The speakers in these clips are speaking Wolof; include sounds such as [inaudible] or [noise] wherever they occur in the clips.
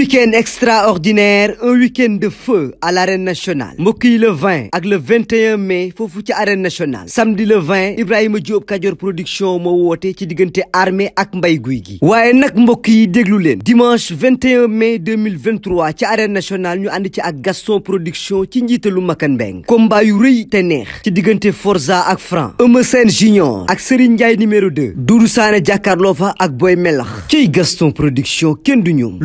week-end extraordinaire un week-end de feu à l'arène nationale mbokk yi le 20 ak le 21 mai foofu ci arène nationale samedi le 20 Ibrahima Diop Kajoor production moo woote ci diggante armée ak mbay guy gi waaye nag mbokk yi déglu leen dimanche 21 mai 2023 ci arène nationale ñu ànd ci ak Gaston production ci njiitalu Makan Mbeng combat yu rëy te neex ci diggante forsa ak Franc Eumeu seen junior ak Serigne Ndiaye numéro 2 Doudou Sané jàkkaarloo fa ak Boy Melax ciy Gaston production kenn du ñoom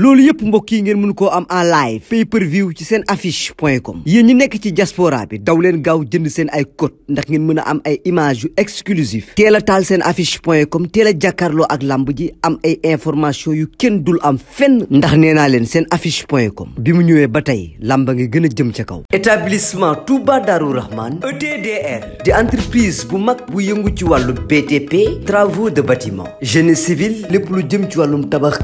kii ngeen mën ko am en live pay per view ci seen affiche point com yéen ñi nekk ci diaspora bi daw leen gaaw jënd seen ay code ndax ngeen mën a am ay image yu exclusive teel a taal seen affiche point com teel a jàkkaarloo ak lamb ji am ay information yu kenn dul am fenn ndax nee leen seen affiche point com bi mu ñëwee ba tey lamba ngi gën a jëm ca kaw établissement Touba Darou Rahman ETDR di entreprise bu mag bu yëngu ci wàllu BTP travaux de bâtiment génie civil lépp lu jëm ci wàllum tabax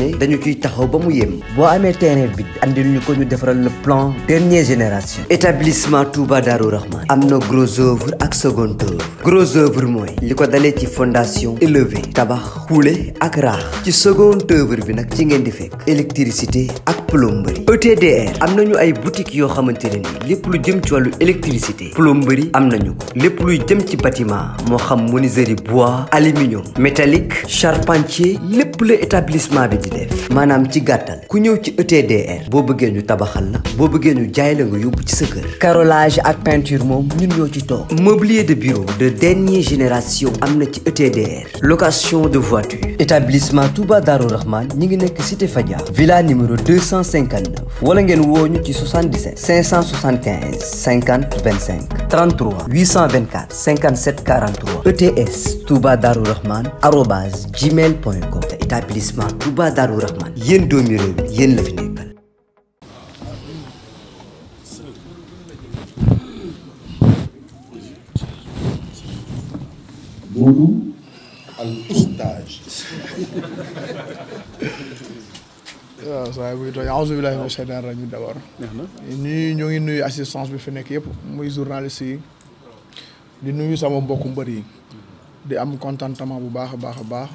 ne dañu ciy taxaw ba mu yem boo amee terrain bi andil ñu ko ñu defaral le plan dernière génération établissement Touba Darou Rahman am na gros œuvre ak second œuvre gros œuvre mooy li ko dalee ci fondation élevée tabax xuule ak raax ci second œuvre bi nag ci ngeen di fekk électricité ak plomberie ETDR am nañu ay boutique yoo xamante ne ni lépp lu jëm ci wàllu électricité plomberie am nañu ko lépp luy jëm ci bâtiment moo xam menuiserie bois aluminium métallique charpentier lépp la établissement bi di def maanaam ci gàttal ku ñëw ci ETDR boo bëggee ñu tabaxal la boo bëggee ñu jaay la nga yóbbu ci sa kër carrelage ak peinture moom ñun ñoo ci toog mobilier de bureau de dernière génération am na ci ETDR location de voiture établissement Touba Darou Rahman ñi ngi nekk cité 259 wala ngeen woo ci 77 575 50 25 33 824 gmail point com te établissement Touba doomi réew mi la fi nekkal. [laughs] waaw saa buy tooy auzu billahi mina ñoo ngi nuyu assistance bi fi nekk yëpp muy journaliste yi di nuyu sama mbokku mbër yi di am contentement bu baax a baax a baax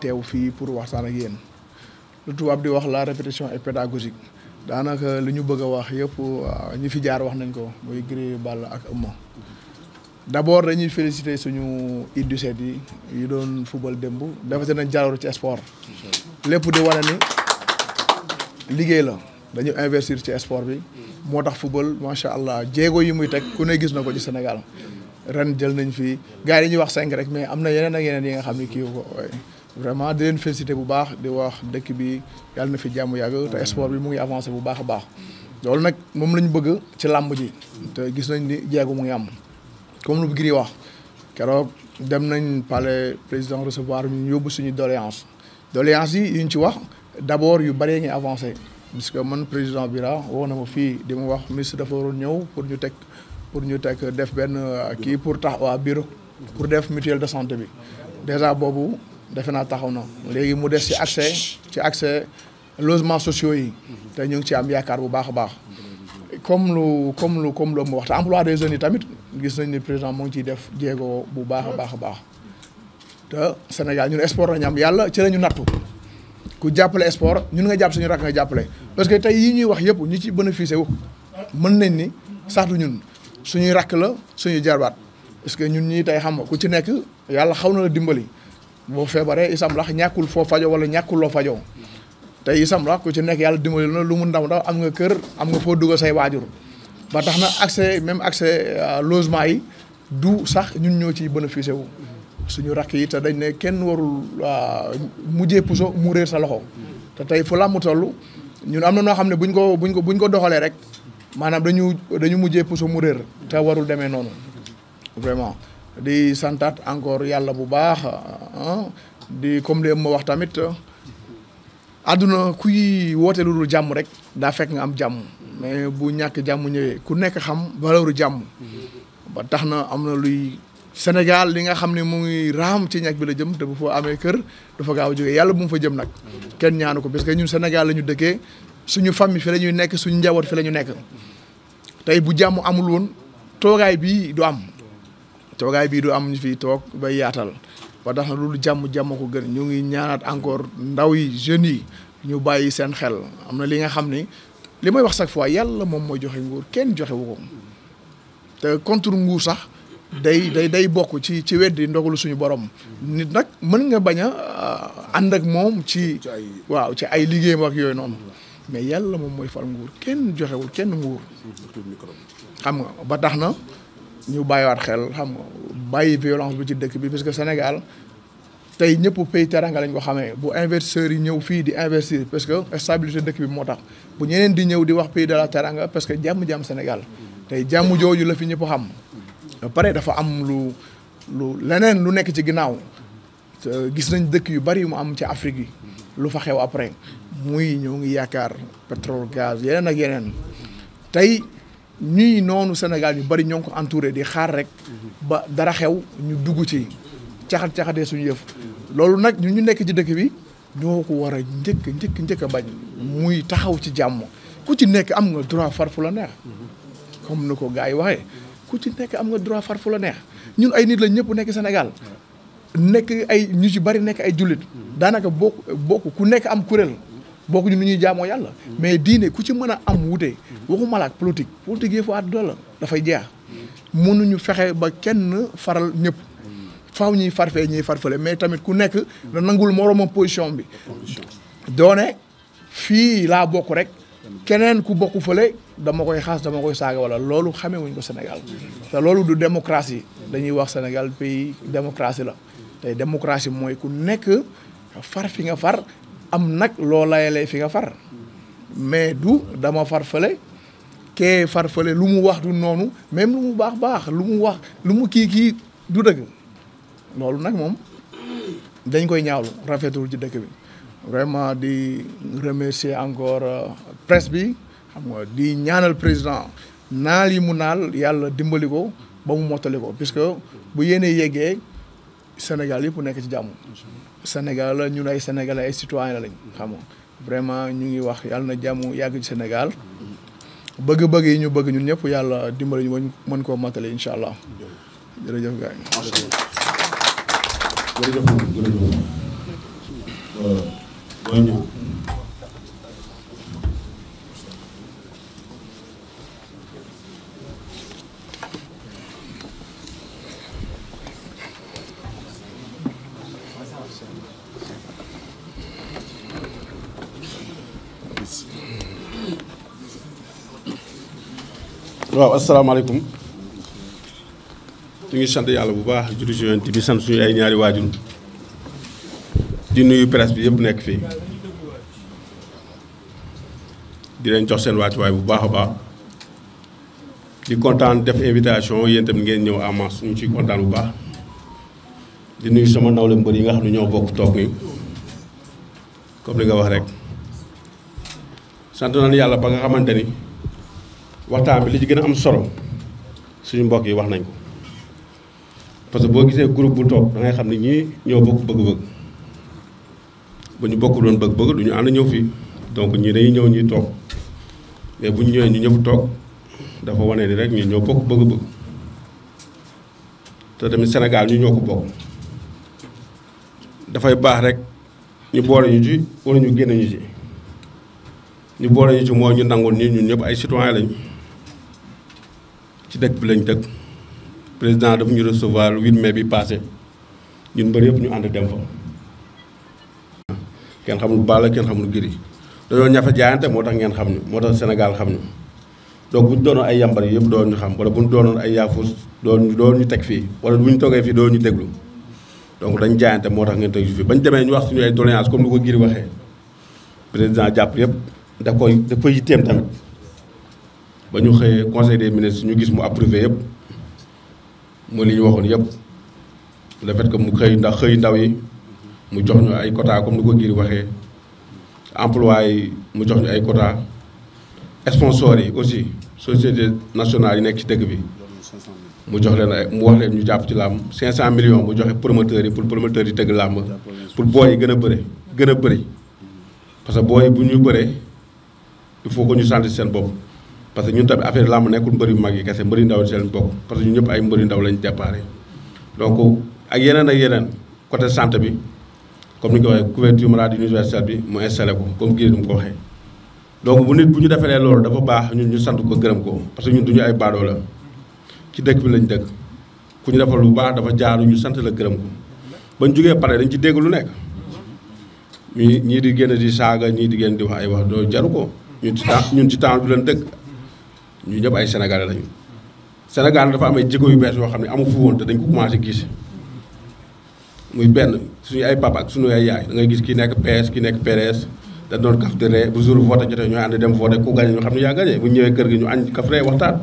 teew fii pour waxtaan ak yéen lu tubaab di wax la répétition est pédagogique daanaka li ñu bëgg a wax yëpp ñi fi jaar wax nañ ko muy Gris Balla ak Eumeu d' abord dañuy féliciter suñu U17 yi yu doon football démb defate nañ jaloor ci sport lépp di wane ni liggéey la dañu investir ci sport bi moo tax football macha allah jéego yi muy teg ku ne gis na ko ci Sénégal ren jël nañ fi gars yi ñuy wax cinq rek mais am na yeneen ak yeneen yi nga xam ne kii ko vraiment di leen félicité bu baax di wax dëkk bi yàlla na fi jàmm yàgg te sport bi mu ngi avancé bu baax a baax loolu nag moom lañ bëgg ci làmb ji te gis nañ ni jéego mu ngi am comme lu bu giri wax keroog dem nañ palais président recevoir ñu yóbbu suñu doléance doléance yi yuñ ci wax d'abord yu baree ngi avancé que man président bi la na ma fii di mu wax ministre dafa waroon ñëw pour ñu teg pour ñu teg def benn euh, kii pour tax waa bureau pour def mutuel de santé bi déjà boobu defe naa taxaw na léegi mu des ci accès ci accès logements sociaux yi te ñu ngi ci am yaakaar bu baax a baax comme lu comme lu comme lu mu wax te emploi des jeunes yi tamit gis nañ ni président mu ngi ciy def jéego bu baax a baax a baax te Sénégal ñun export nañu am yàlla ci la ñu nattu ku jàppale sport ñun nga jàpp suñu rakk nga jàppale parce que tey yi ñuy wax yëpp ñu ci bénéficié wu mën nañ ni sax du ñun suñuy rakk la suñuy jarbaat parce que ñun ñii tey xam nga ku ci nekk yàlla xaw na la dimbali boo feebaree isam ñàkkul foo fajo wala ñàkkuloo loo fajoo tey isam ku ci nekk yàlla dimbali na lu mu ndaw ndaw am nga kër am nga foo dugal say waajur ba tax na accès même accès euh, logement yi du sax ñun ñoo ciy bénéficié wu suñu rakk yi te dañ ne kenn warul ah, mujjee puso mu réer sa loxo te tey fu làmb toll ñun am na noo xam ne buñ ko buñ ko buñ ko doxalee rek maanaam dañu dañu mujjee puso mu réer te warul demee noonu vraiment di santaat encore yàlla bu baax ah, di comme li ma wax tamit àdduna kuy woote lu dul jàmm rek daa fekk nga am jàmm mais bu ñàkk jàmm ñëwee ku nekk xam valeur jàmm ba tax na am na luy Sénégal li nga xam ne mu ngi raam ci ñàkk bi la jëm te bu foo amee kër dafa gaaw a yàlla bu mu fa jëm nag kenn ñaanu ko parce que ñun Sénégal la ñu dëkkee suñu famille fi la ñuy nekk suñu njaboot fi la ñu nekk tey bu jàmm amul woon toogaay bii du am toogaay bii du am ñu fi toog ba yaatal ba tax na loolu jàmm-jàmm ko gën ñu ngi ñaanaat encore ndaw yi jeunes yi ñu bàyyi seen xel am na li nga xam ni li may wax chaque fois yàlla moom mooy joxe nguur kenn joxe ko contre nguur sax day day day bokk ci ci weddi ndogalu suñu borom. nit nag mën nga bañ a ànd ak moom ci. waaw ci ay liggéeyam ak yooyu noonu. mais yàlla moom mooy fal nguur kenn joxewul kenn nguur. xam nga ba tax na ñu bàyyi bàyyiwaat xel xam nga bàyyi violence bi ci dëkk bi parce que Sénégal tey ñëpp pays teranga lañ ko xamee bu investisseurs yi ñëw fii di investir parce que stabilité dëkk bi moo tax bu ñeneen di ñëw di wax pays de la teranga parce que jàmm-jàmm Sénégal tey jàmm jooju la fi ñëpp xam. ba pare dafa am lu lu leneen lu nekk ci ginnaaw gis nañ dëkk yu bari yu mu am ci Afrique yi lu fa xew après muy ñoo ngi yaakaar pétrole gaz yeneen ak yeneen tey ñuy noonu Sénégal yu bari ñoo ngi ko entouré di xaar rek ba dara xew ñu dugg ci caxat caxatee suñu yëf loolu nag ñu ñu nekk ci dëkk bi ñoo ko war a njëkk njëkk njëkk bañ muy taxaw ci jàmm ku ci nekk am nga droit far fu la neex comme ni ko gars yi waxee ku ci nekk am nga droit far fu la neex ñun ay nit la ñëpp nekk Sénégal nekk ay ñu ci bari nekk ay jullit daanaka bokk bokk ku nekk am kuréel bokk ñu nu ñuy jaamoo yàlla mais diine ku ci mën a am wute waxumala ak politique politique yëfu àdduna la dafay jeex mënuñu fexe ba kenn faral ñëpp faaw ñuy farfee ñuy farfale mais tamit ku nekk na nangul moroomam position bi doone fii laa bokk rek keneen ku bokk fële dama koy xaas dama koy saaga wala loolu xamee wuñ ko Sénégal te loolu du démocratie dañuy wax Sénégal pays démocratie la te démocratie mooy ku nekk far fi nga far am nag loo layalee fi nga far mais du dama far fële kee far fële lu mu wax du noonu même lu mu baax baax lu mu wax lu mu kii kii du dëgg loolu nag moom dañ koy ñaawlu rafetul ci dëkk bi vraiment di remercier encore euh, presse bi xam nga di ñaanal président naal yi mu naal yàlla dimbali ko ba mu mottali ko puisque bu yéenee yeggee Sénégal yëpp nekk ci jàmm. Sénégal la ñun ay sénégal ay citoyens lañ. xam nga vraiment ñu ngi wax yàlla na jàmm yàgg ci Sénégal. bëgg-bëgg yi ñu bëgg ñun ñëpp yàlla dimbali ñu mën koo mottali incha allah jërëjëf koy ñëw waaw asalaamaaleykum ngi sant yàlla bu baax juri ci yonent bi sant suñu ay ñaari waajur di nuyu presse bi yëpp nekk fii di leen jox seen wàccuwaay bu baax a baax di kontaan def invitation yéen tamit ngeen ñëw en suñu ñu ciy kontaan bu baax di nuyu sama nawle mbër yi nga xam ne ñoo bokk toog nii comme li nga wax rek sant nañu yàlla ba nga xamante ni waxtaan bi li ci gën a am solo suñu mbokk yi wax nañ ko parce boo gisee groupe bu toog da xam ne ñii ñoo bokk bëgg-bëgg. ba ñu bokk doon bëgg-bëgg du ñu ànd ñëw fii donc ñii dañuy ñëw ñuy toog mais bu ñu ñëwee ñu ñëpp toog dafa wane ni rek ñu ñoo bokk bëgg-bëgg te tamit Sénégal ñu ñoo ko bokk dafay baax rek ñu boole ñu ci wala ñu génn ñu si ñu boole ñu ci mooy ñu nangul nii ñun ñëpp ay citoyen lañu ci dëkk bi lañ dëkk président dafa ñu recevoir le 8 mai bi passé ñun mbër yëpp ñu ànd dem fa. kenn xamul baal Balla kenn xamul Gris dañoo ñafe jaayante moo tax ngeen xam ñu moo tax Sénégal xam ñu donc bu ñu doonoon ay yambar yëpp doon ñu xam wala bu ñu doonoon ay yaafus doon doon ñu teg fii wala bu ñu toogee fii doon ñu déglu donc dañ jaayante moo tax ngeen teg fii bañ demee ñu wax suñu ay doléance comme ni ko Gris waxee président jàpp yëpp da koy da koy yitteem tamit ba ñu xëyee conseil des ministres ñu gis mu approuvé yëpp mooy waxoon yëpp le que mu xëy ndax xëy ndaw yi. mu jox ñu ay quota comme ni ko ngir waxee emploi yi mu jox ñu ay quota sponsors yi aussi société national yi nekk ci dëkk bi mu jox leen ay mu wax leen ñu jàpp ci cinq cent million mu joxe promoteurs yi pour promoteurs yi tëgg làmb pour booy yi gën a bëri gën a bëri parce que booy bu ñu bëree il faut que ñu sant seen bopp parce que ñu tamit affaire làmb nekkul mbëri mag yi kese mbëri ndaw seen bopp parce que ñun ñëpp ay mbëri ndaw lañu jàppaare donc ak yeneen ak yeneen côté santé bi. comme ni ko waxee couverture maladie universelle bi mu installé ko comme kii mu ko waxee. donc bu nit bu ñu defalee loolu dafa baax ñun ñu sant ko gërëm ko parce que ñu duñu ay baadoo la ci dëkk bi lañ dëkk ku ñu defal lu baax dafa jaaru ñu sant la gërëm ko bañ jógee pare dañ ci dégg lu nekk ñii ñii di génn di saaga ñii di génn di wax ay wax doo jaru ko ñun ci temps ñun ci temps bi leen dëkk ñu ñëpp ay sénégalais lañu. Sénégal dafa am ay jikko yu bees yoo xam ne amu fu woon te ko commencé gis. muy benn suñu ay papa ak suñu ay yaay da ngay gis ki nekk PS ki nekk PDS da doon kaf di ree bu jour vote jotee ñoo ànd dem vote ku gagné ñu xam ne yaa gagné bu ñëwee kër gi ñu añ kaf ree waxtaan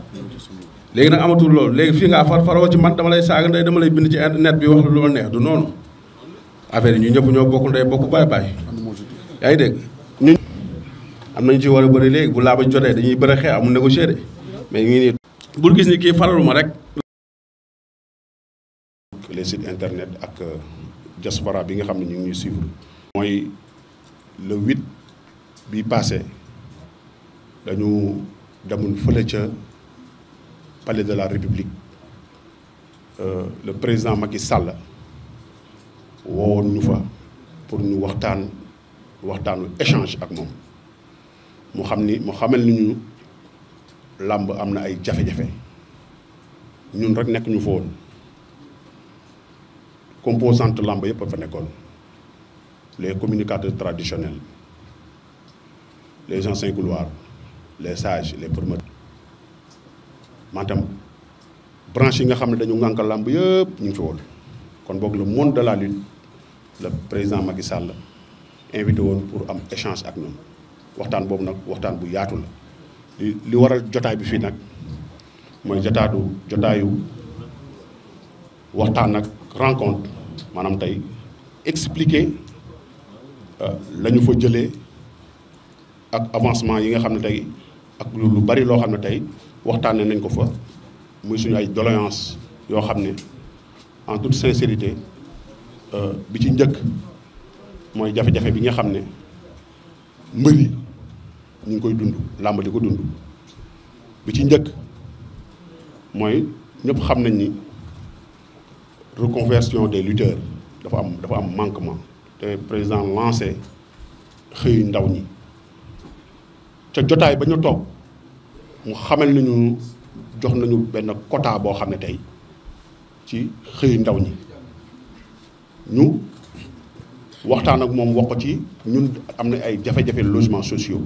léegi nag amatul loolu léegi fii ngaa far ci man dama lay saaga ndey dama lay bind ci internet bi wax lu la neex du noonu affaire yi ñu ñëpp ñoo bokk ndey bokk baay baay yaa ngi dégg ñu am nañu ci war a bëri léegi bu laa ba jotee dañuy bëri xeex amul négocier de mais ñu ngi nii bul gis ni kii faraluma rek les sites internet ak euh, diaspora bi nga xam ne ñu ngi ñuy suivre. mooy le huit bi passé dañu demoon fële ca palais de la république euh, le président Macky Sall wowoon ñu fa pour ñu waxtaan waxtaanu échange ak moom mu xam ni mu xamal ni ñu làmb am na ay jafe-jafe ñun rek nekk ñu fa woon. composante làmb yëpp a fa nekkoon les communicateurs traditionnels les anciens couloirs les sages les promoteurs mantam branche yi nga xam ne dañu ngànk làmb yëpp ñu ngi fi woon kon boog le monde de la lutte président Macky Sall invité woon pour am échange ak ñoom waxtaan boobu nag waxtaan bu yaatu la li li waral jotaay bi fii nag mooy jotaatu jotaayu waxtaan nag rencontre maanaam tey expliquer euh, lañu ñu fa jëlee ak avancement yi nga xam ne tey ak lu lu bari loo xam ne tey waxtaanee nañ ko fa muy suñu ay doléance yoo xam ne en toute sincérité euh, bi ci njëkk mooy jafe-jafe bi nga xam ne mbër yi ñu ngi koy dund làmb di ko dund bi ci njëkk mooy ñëpp xam nañ ni. reconversion des lutteurs dafa am dafa am manquement te président lancé xëyu ndaw ñi ca jotaay ba ñu toog mu xamal nañu jox nañu benn quota boo xam ne tey ci xëyu ndaw ñi ñu waxtaan ak moom wax ko ci ñun am na ay jafe-jafe logements sociaux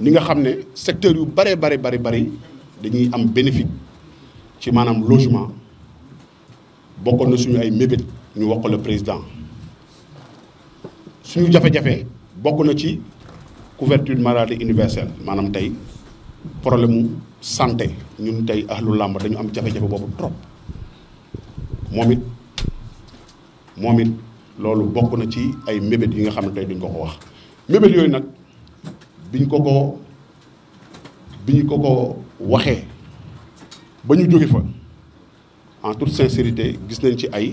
ni nga xam ne secteur yu bare bare bare bari dañuy am bénéfice ci maanaam mm-hmm. logement bokkoon na suñu ay mébét ñu wax ko le président suñu jafe-jafe bokk na ci couverture maladie universelle maanaam tey problème mu santé ñun tey ahlu làmb dañu am jafe-jafe boobu trop moom it moom it loolu bokk na ci ay mébét yi nga xam ne tey duñ ko ko wax mébét yooyu nag biñ ko ko bi ñu ko ko waxee ba ñu jóge fa en toute sincérité gis nañ ci ay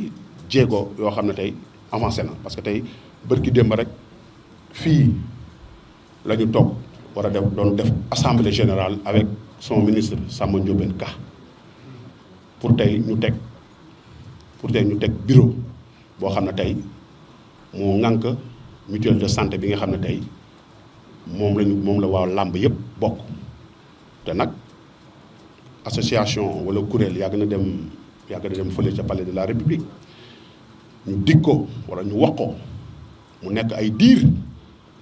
jéego yoo xam ne tey avancé na parce que tey bërki démb rek fii la toog war a def doon def assemblée général avec son ministre Samba Ndiobène Ka pour tey ñu teg pour tey ñu teg bureau boo xam ne tey moo ŋànk mutuelle de santé bi nga xam ne tey moom lañu moom la waaw làmb yëpp bokk te nag association wala kuréel yàgg na dem yàgg na dem fële ca palais de la république ñu dig ko wala ñu wax ko mu nekk ay diir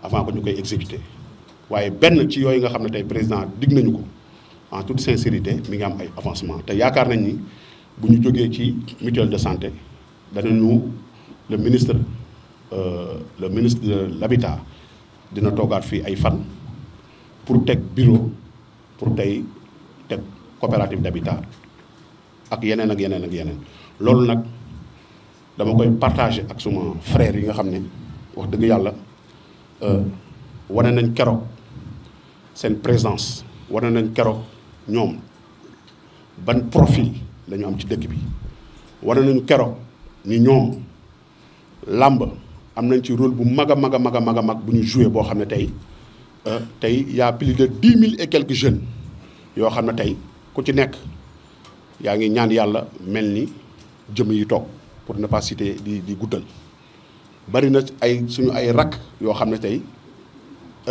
avant que ñu koy exécuter waaye benn ci yooyu nga xam ne tey président dig nañu ko en toute sincérité mi ngi am ay avancement te yaakaar nañ ni bu ñu jógee ci mutuelle de santé danañu le ministre euh, le ministre de l'habitat dina toogaat fii ay fan pour teg bureau pour tey coopérative d'habitat ak yeneen ak yeneen ak yeneen loolu nag dama koy partager ak suma frère yi nga xam ne wax dëgg yàlla euh, wane nañ keroog seen présence wane nañ keroog ñoom ban profil lañu am ci dëkk bi wane nañ keroog ni ñoom làmb am nañ ci rôle bu mag a mag a mag a mag a mag bu ñu joué boo xam ne tey euh, tey y a de dix mille e quelque jeunes yoo xam ne tey ku ci nekk yaa ngi ñaan yàlla mel ni jëmm yi toog pour ne di di guddal bari na ay suñu ay rakk yoo xam ne tey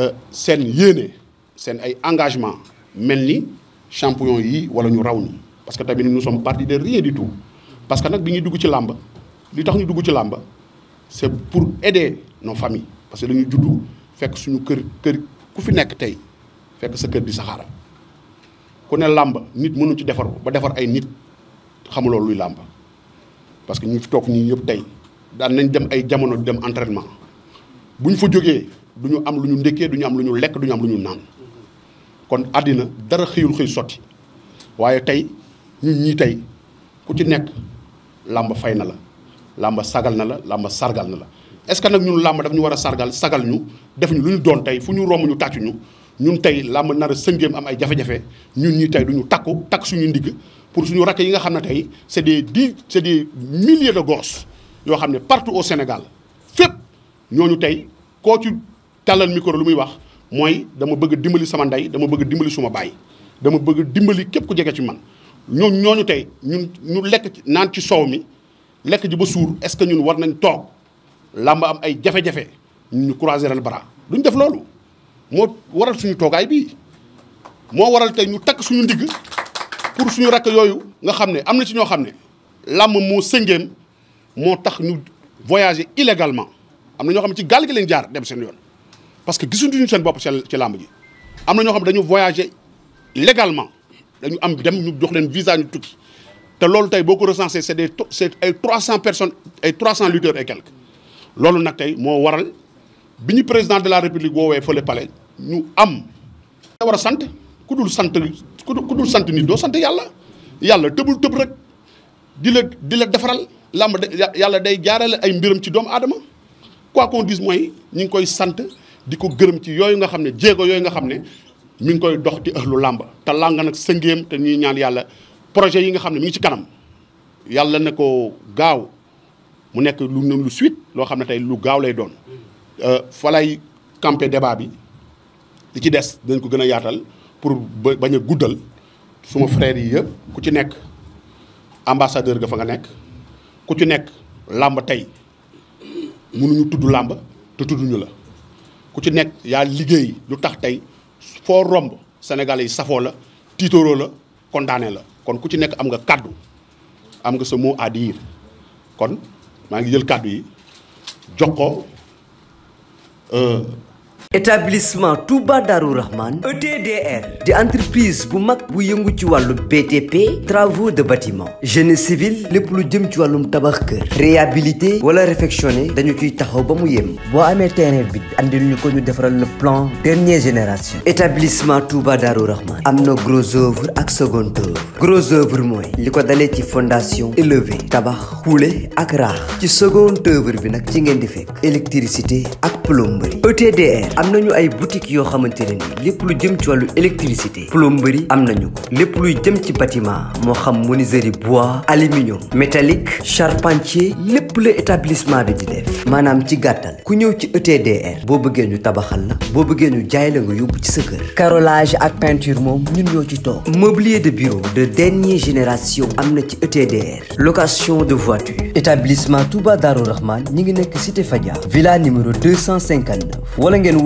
euh, seen yéene seen ay engagement mel ni champion yi wala ñu raw ñi parce que tamit nous sommes partis de rien du tout parce que nag bi ñuy dugg ci làmb li tax ñu dugg ci làmb c'est pour aider no famille parce que dañuy juddu fekk suñu kër kër ku fi nekk tey fekk sa kër di saxaara ku ne làmb nit mënu ci defar ba defar ay nit xamuloo luy làmb parce que ñu fi toog ñii ñëpp tey daan nañ dem ay jamono di dem entraînement bu ñu fa jógee du ñu am lu ñu ndékkee du ñu am lu ñu lekk du ñu am lu ñu naan kon àddina dara xëyul xëy sotti waaye tey ñun ñii tey ku ci nekk làmb fay na la làmb sagal na la làmb sargal na la est-ce que nag ñun làmb daf ñu war a sargal sagal ñu def ñu lu ñu doon tey fu ñu romb ñu tàccu ñu ñun tey làmb nar a sëngéem am ay jafe-jafe ñun ñi tey duñu takku takk suñu ndigg pour suñu rakk yi nga xam ne tey c'est des di c'est des milliers de gosses yoo xam ne partout au Sénégal fépp ñooñu tey koo ci tàllal micro lu muy wax mooy dama bëgg dimbali sama ndey dama bëgg dimbali suma baay dama bëgg dimbali képp ku jege ci man ñooñu ñooñu tey ñun ñu lekk naan ci soow mi lekk ji ba suur est-ce que ñun war nañ toog làmb am ay jafe-jafe ñu croiser le bras duñ def loolu moo waral ñu toogaay bii moo waral tey ñu takk suñu ndigg pour suñu rakk yooyu nga xam ne am na si ñoo xam ne làmm moo sëngéem moo tax ñu voyager illégalement am na ñoo xam ne ci jaar dem seen yoon parce que gisuñu seen bopp ci làmb am na ñoo xam ne dañu voyager légalement dañu am dem ñu jox leen visa ñu tukki te loolu tey boo ko recensé c'est des c'est ay 300 personnes ay 300 lutteurs et quelques loolu nag tey moo waral bi ñu président de la république woowee fële palais ñu am. da war a sant ku dul sant ku dul sant nit doo sant yàlla yàlla tëbul tëb di la di la defaral làmb yàlla day jaarale ay mbiram ci doomu aadama quoi qu'on dise mooy ñu ngi koy sant di ko gërëm ci yooyu nga xam ne jéego yooyu nga xam ne mu ngi koy dox ci ëxlu làmb te làng nag sëngéem te ñuy ñaan yàlla projet yi nga xam ne mi ngi ci kanam yàlla na ko gaaw mu nekk lu lu suite loo xam ne tey lu gaaw lay doon. Euh, fa lay campé débat bi li ci des dañ ko gën a yaatal pour bañ a guddal suma frères yi yëpp ku ci nekk ambassadeur ga fa nga nekk ku ci nekk làmb tey mënuñu tudd làmb te tudduñu la ku ci nekk yaa liggéey lu tax tey foo romb Sénégalais yi safoo la tiitooroo la condamné la kon ku ci nekk am nga kàddu am nga sa mot à kon maa ngi jël kàddu yi jox ko un euh. établissement Touba Darou Rahman ETDR di entreprise bu mag bu yëngu ci wàllu BTP travaux de bâtiment génie civil lépp lu jëm ci wàllum tabax kër réhabilité wala réfectionné dañu ciy taxaw ba mu yem. boo amee terrain bi andil ko ñu defaral le plan dernière génération établissement Touba Darou Rahman am na gros œuvre ak second œuvre gros œuvre mooy li ko dalee ci fondation élevée tabax xuule ak raax ci second œuvre bi nag ci ngeen di fekk électricité ak plomberie ETDR am nañu ay boutique yoo xamante ne ni lépp lu jëm ci wàllu électricité plomberie am nañu ko lépp luy jëm ci bâtiment moo xam menuiserie bois aluminium métallique charpentier lépp la établissement bi di def maanaam ci gàttal ku ñëw ci ETDR boo bëggee ñu tabaxal la boo bëggee nu jaay la nga yóbbu ci sa kër carrelage ak peinture moom ñun ñoo ci toog mobilier de bureau de dernière génération am na ci ETDR location de voiture établissement Touba Darou Rahman ñi ngi nekk cité Fadia villa numéro 259 wala ngeen